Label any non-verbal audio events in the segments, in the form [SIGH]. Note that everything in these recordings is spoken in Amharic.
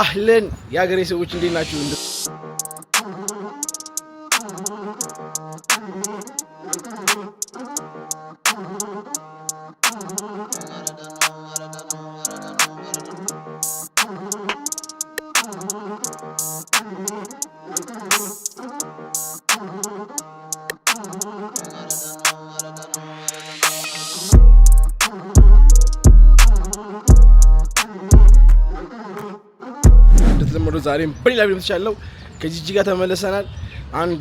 አህለን የሀገሬ ሰዎች እንዴት ናችሁ? ጀምሮ ዛሬም በሌላ ቪዲዮ ተቻለው ከጂጂ ጋር ተመለሰናል። አንድ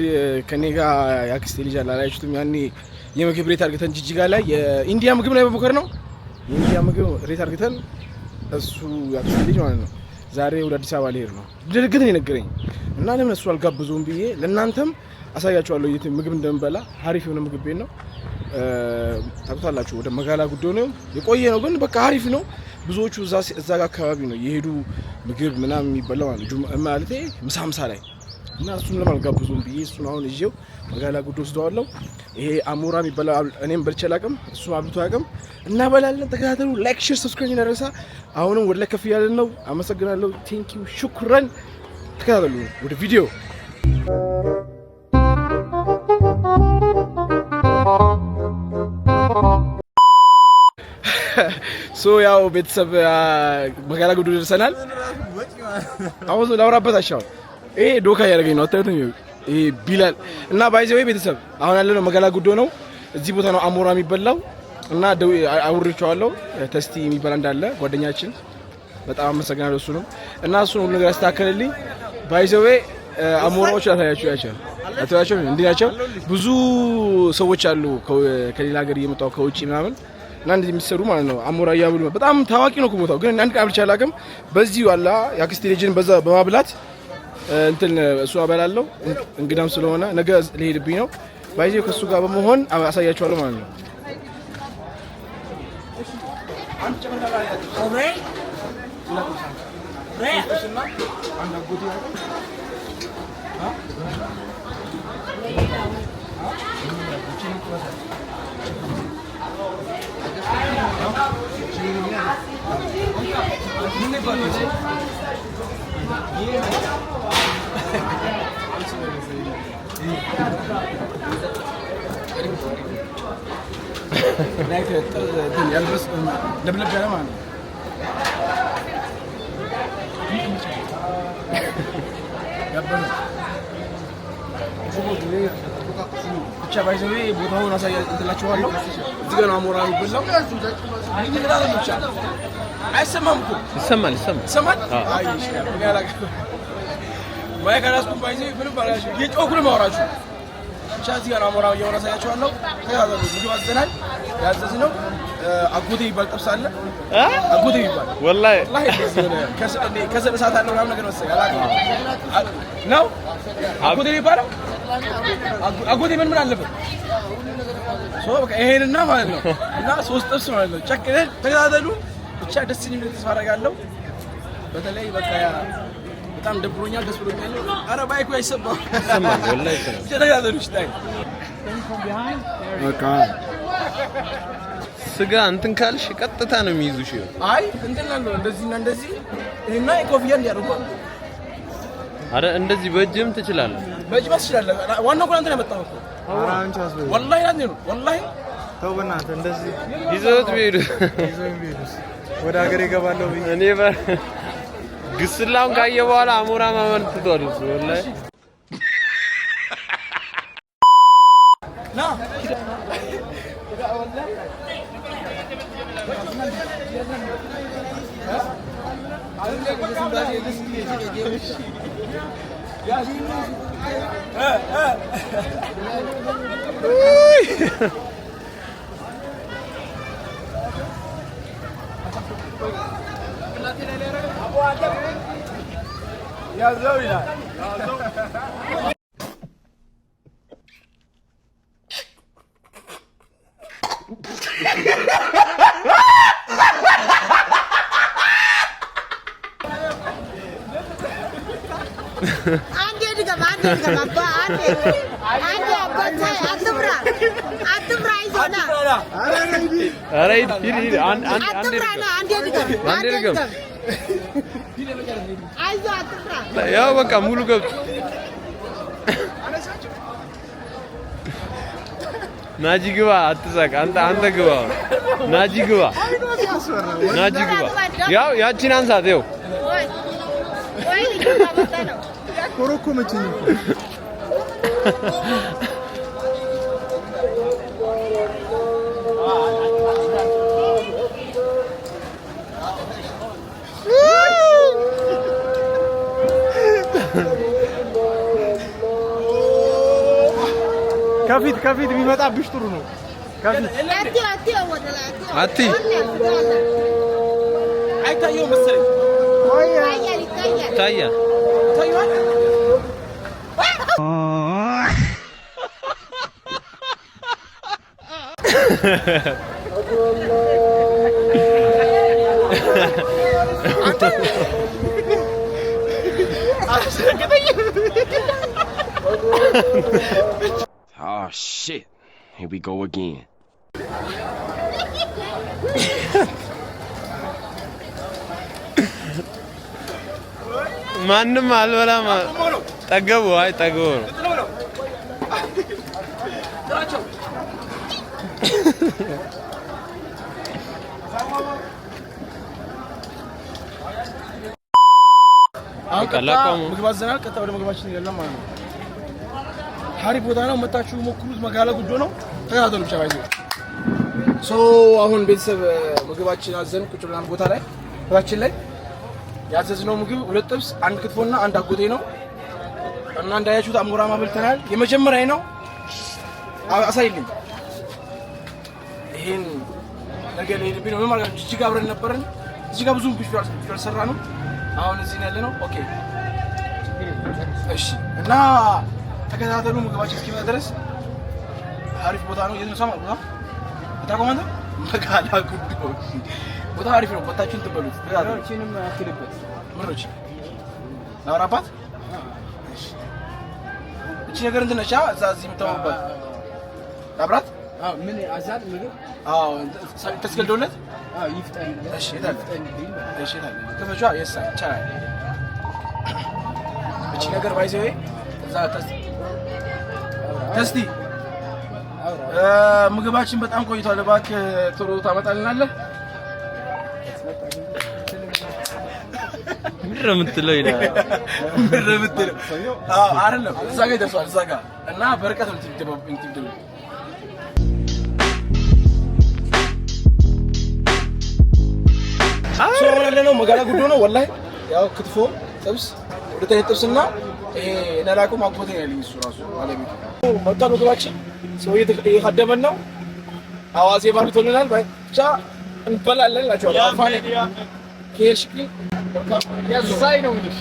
ከኔ ጋር የአክስቴ ልጅ አላላችሁትም። ያኔ የምግብ ሬት አርግተን ጂጂ ጋር ላይ የኢንዲያ ምግብ ላይ በሞከር ነው የኢንዲያ ምግብ ሬት አርግተን እሱ የአክስቴ ልጅ ማለት ነው ዛሬ ወደ አዲስ አበባ ሊሄድ ነው ድርግትን የነገረኝ እና ለምን እሱ አልጋብዙም ብዬ ለእናንተም አሳያችኋለሁ የት ምግብ እንደምበላ። ሀሪፍ የሆነ ምግብ ቤት ነው ታውቁታላችሁ። ወደ መጋላ ጉዳዩ ነው የቆየ ነው ግን በቃ ሀሪፍ ነው። ብዙዎቹ እዛ ጋር አካባቢ ነው የሄዱ ምግብ ምናምን የሚበላው ማለት ምሳ ምሳ ላይ እና እሱን ለማልጋብዙም ብዬ እሱን አሁን ይዤው መጋላ ጉዶ ወስደዋለሁ። ይሄ አሞራ የሚበላ እኔም በልቼ አላውቅም፣ እሱም አብልቶ አያውቅም። እናበላለን። ተከታተሉ። ላይክ፣ ሼር፣ ሰብስክራይብ እናደርሳ። አሁንም ወደ ላይ ከፍ እያለን ነው። አመሰግናለሁ። ቴንኪው፣ ሹኩረን። ተከታተሉ ወደ ቪዲዮ ሶ ያው ቤተሰብ በጋላ ጉዱ ደርሰናል። አሁን ላውራበት አሻው ይሄ ዶካ እያደረገኝ ነው። አታዩትም? ይሄ ቢላል እና ባይዘ ወይ ቤተሰብ አሁን ያለ ነው መጋላ ጉዶ ነው። እዚህ ቦታ ነው አሞራ የሚበላው እና ደው አውርቼዋለሁ። ተስቲ የሚበላ እንዳለ ጓደኛችን በጣም አመሰግናለሁ። እሱ ነው እና እሱ ሁሉ ነገር ያስተካከልልኝ። ባይዘ ወይ አሞራዎች አታያቸው ያቸው አታያቸው እንዲህ ናቸው። ብዙ ሰዎች አሉ ከሌላ ሀገር እየመጣው ከውጪ ምናምን እና እንደዚህ የሚሰሩ ማለት ነው። አሞራ ብሎ በጣም ታዋቂ ነው ቦታው፣ ግን አንድ ቀን ብቻ አላውቅም። በዚህ ዋላ የአክስቴ ልጅን በዛ በማብላት እንትን እሱ አበላለሁ። እንግዳም ስለሆነ ነገ ሊሄድብኝ ነው። ባይዜ ከእሱ ጋር በመሆን አሳያችኋለሁ ማለት ነው። ለብለብ ብቻ ባይዘዌ ቦታውን አሳያ እንትላችኋለሁ። እዚህ ገና አሞራ ይበላው ብቻ አይሰማም እኮ ይሰማል፣ ይሰማል፣ ይሰማል። አይ ማይክ አላስኩም። ባይዜ ምንም ባላሽ የጮኩ ነው የማወራችሁ። ብቻ እዚህ ጋር አሞራ እያወራ ሳያችኋለሁ። ተያዘሉ ምግብ አዘናል። ያዘዝነው አጎቴ ይባል ጥብስ አለ አጎቴ ይባል ወላሂ ከሰል እሳት አለው ምናምን ነገር መሰለኝ ነው አጎቴ ይባላል። አጎቴ ምን ምን አለበት? ሶ በቃ ይሄንና ማለት ነው እና ሶስት ጥብስ ማለት ነው። ጨክነን ተከታተሉ። ብቻ ደስ የሚል ተስፋ አደርጋለሁ። በተለይ በቃ በጣም ደብሮኛል። ደስ ብሎኛል። ኧረ ባይኩ አይሰማም። ስጋ እንትን ካልሽ ቀጥታ ነው የሚይዙሽ። አይ እንትን አለው እንደዚህ እና እንደዚህ እና ኮፍያ እንዲያደርጉ አረ እንደዚህ በእጅም ትችላለህ፣ በእጅ ትችላለህ። ዋናው እኮ አንተ ነው የመጣው። ወላሂ ወላሂ ተው በእናትህ እንደዚህ ይዘውት ቢሄዱ ወደ ሀገር ይገባለሁ ብዬ እኔ ግስላውን ካየ በኋላ አሞራ ማመን ትቷል። እሱ ወላሂ [LAUGHS] Ya Zoe lah. Ande juga mandi juga apa ande. Ande apa saya atumra. Atumra izona. Ara ini. Ara ini ande ande. Atumra na ande juga. Ande juga. ያው በቃ ሙሉ ገብቶ ናጂ ግባ፣ አትሳቅ። አንተ አንተ ግባ፣ ናጂ ግባ፣ ናጂ ግባ። ያው ያቺን አንሳት። ያው ኮረኮመችኝ። ከፊት ቢመጣብሽ ጥሩ ነው። አቲ አይታየው መሰለኝ ይታያል። Oh, shit. Here we go again. ማንም አልበላም። ጠገቡ። አይ ጠገቡ ነው። አሁን ቀጥታ ምግብ አዘናል። ቀጥታ ወደ ምግባችን እንሄዳለን ማለት ነው። ሀሪፍ ቦታ ነው። መታችሁ ሞክሩት። መጋለ ጉዶ ነው። ተከታተሉ ብቻ ባይዘው ሶ አሁን ቤተሰብ ምግባችን አዘን ቁጭ ብለን ቦታ ላይ ቦታችን ላይ ያዘዝነው ምግብ ሁለት ጥብስ፣ አንድ ክትፎና አንድ አጎቴ ነው እና እንዳያችሁት አሞራማ በልተናል። የመጀመሪያ ነው። አሳይልኝ ይሄን ነገር ለይልብኝ ነው። ምን ማለት ነው? እጅግ አብረን ነበርን። እዚህ ጋር ብዙ ምግብ ሰራ ነው። አሁን እዚህ ያለ ነው። ኦኬ እሺ እና ተከታተሉ። ምግባችን እስኪመጣ ድረስ አሪፍ ቦታ ነው። የት ነው ሰማል ቦታ ታቆማንተ መቃላ ጉድ ቦታ አሪፍ ነው። ቦታችን ትበሉት ምሮችንም አክልበት ምሮች አውራባት እቺ ነገር እንትን ነች። እዛ እዚህ የምታወሩበት አብራት ምን አዛል ምግብ ተስገልዶለት ይፍጠን ነገር ባይዘ እዛ ተስ ደስቲ ምግባችን በጣም ቆይቷል። እባክህ ቶሎ ታመጣልናለህ? ምድረ ምትለው ይላል ምድረ ምትለው አይደለም። እዛ ጋር ይደርሷል። እዛ ጋር እና በርቀት ነው እንትምትም ሶ ያለ ነው መጋላ ጉዶ ነው ወላሂ ያው ክትፎ ጥብስ ሁለተኛ ጥብስና ለላቁ ማጎቴ ነው ያለኝ እሱ ራሱ ባለቤቱ። መጣን ምግባችን ሰው እየካደመን ነው። አዋዜ ባርቶልናል። ብቻ እንበላለን እላቸዋለሁ። ከሄድሽ ግን ነው እንግዲህ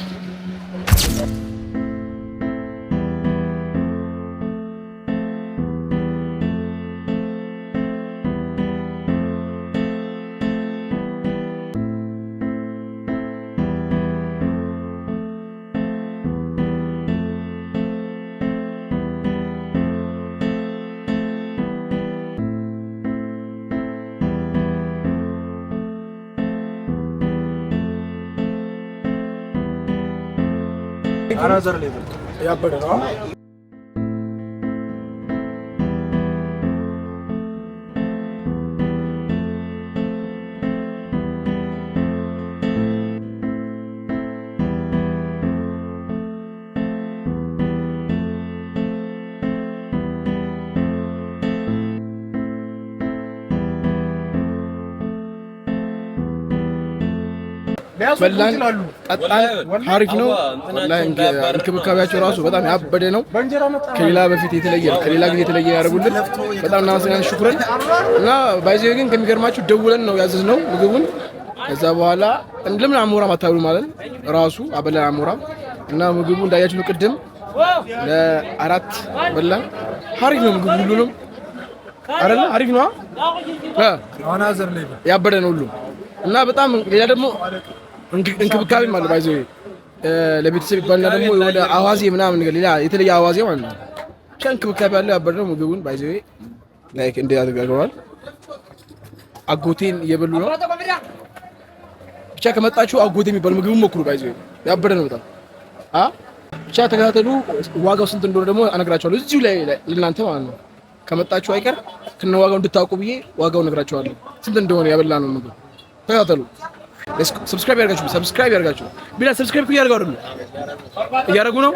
ಯಾರಾದ್ರಲ್ಲಿ ಇದು ಯಾವ በላን፣ ጠጣን። ሀሪፍ ነው። እንክብካቤያቸው ራሱ በጣም ያበደ ነው። ከሌላ በፊት የተለየ ከሌላ ጊዜ የተለየ ያደርጉልን። በጣም እናመሰግናለን። ሽኩረን እና ባይዜ ግን ከሚገርማችሁ ደውለን ነው ያዘዝ ነው ምግቡን። ከዛ በኋላ ለምን አሞራም አታብሉ ማለት ራሱ አበላን አሞራም እና ምግቡ እንዳያችሁ ነው። ቅድም ለአራት በላን። ሀሪፍ ነው ምግቡ ሁሉንም አይደለ አሪፍ ነው። ያበደ ነው ሁሉም እና በጣም ሌላ ደግሞ እንክብካቤ ማለት ባይዘ ለቤተሰብ ይባልና ደግሞ የሆነ አዋዜ ምናምን ነገር ሌላ የተለየ አዋዜ ማለት ነው። ብቻ ያለው ያበድ ነው። ምግቡን ባይዘ ላይክ እንደ አድርገዋል። አጎቴን እየበሉ ነው። ብቻ ከመጣችሁ አጎቴ የሚባል ምግቡን ሞክሩ። ባይዘ ያበረ ነው በጣም አ ብቻ ተከታተሉ። ዋጋው ስንት እንደሆነ ደግሞ አነግራቸዋለሁ እዚሁ ላይ ለእናንተ ማለት ነው። ከመጣችሁ አይቀር ከነ ዋጋው እንድታውቁ ብዬ ዋጋው እነግራቸዋለሁ ስንት እንደሆነ ያበላ ነው ምግብ ተከታተሉ። ሰብስክራይብ ያርጋችሁ ሰብስክራይብ ያርጋችሁ ቢላ ሰብስክራይብ ኩ ያርጋው ደግሞ ነው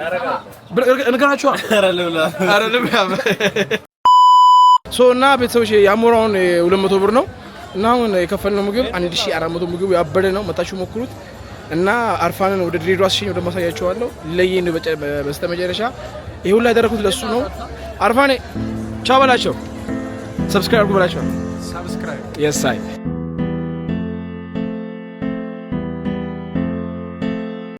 ነገራችሁ። አይደለም ሶ እና ቤተሰቦች የአሞራውን ሁለት መቶ ብር ነው እና አሁን የከፈልነው ምግብ 1400 ምግቡ ያበደ ነው። መታችሁ ሞክሩት እና አርፋንን ወደ ድሬዳዋ ሲሸኝ ወደ ማሳያችኋለሁ። ለይን በስተመጨረሻ ይሄ ሁላ ያደረኩት ለሱ ነው። አርፋኔ ቻው በላቸው፣ ሰብስክራይብ አድርጉ በላቸው። ሰብስክራይብ የሳይ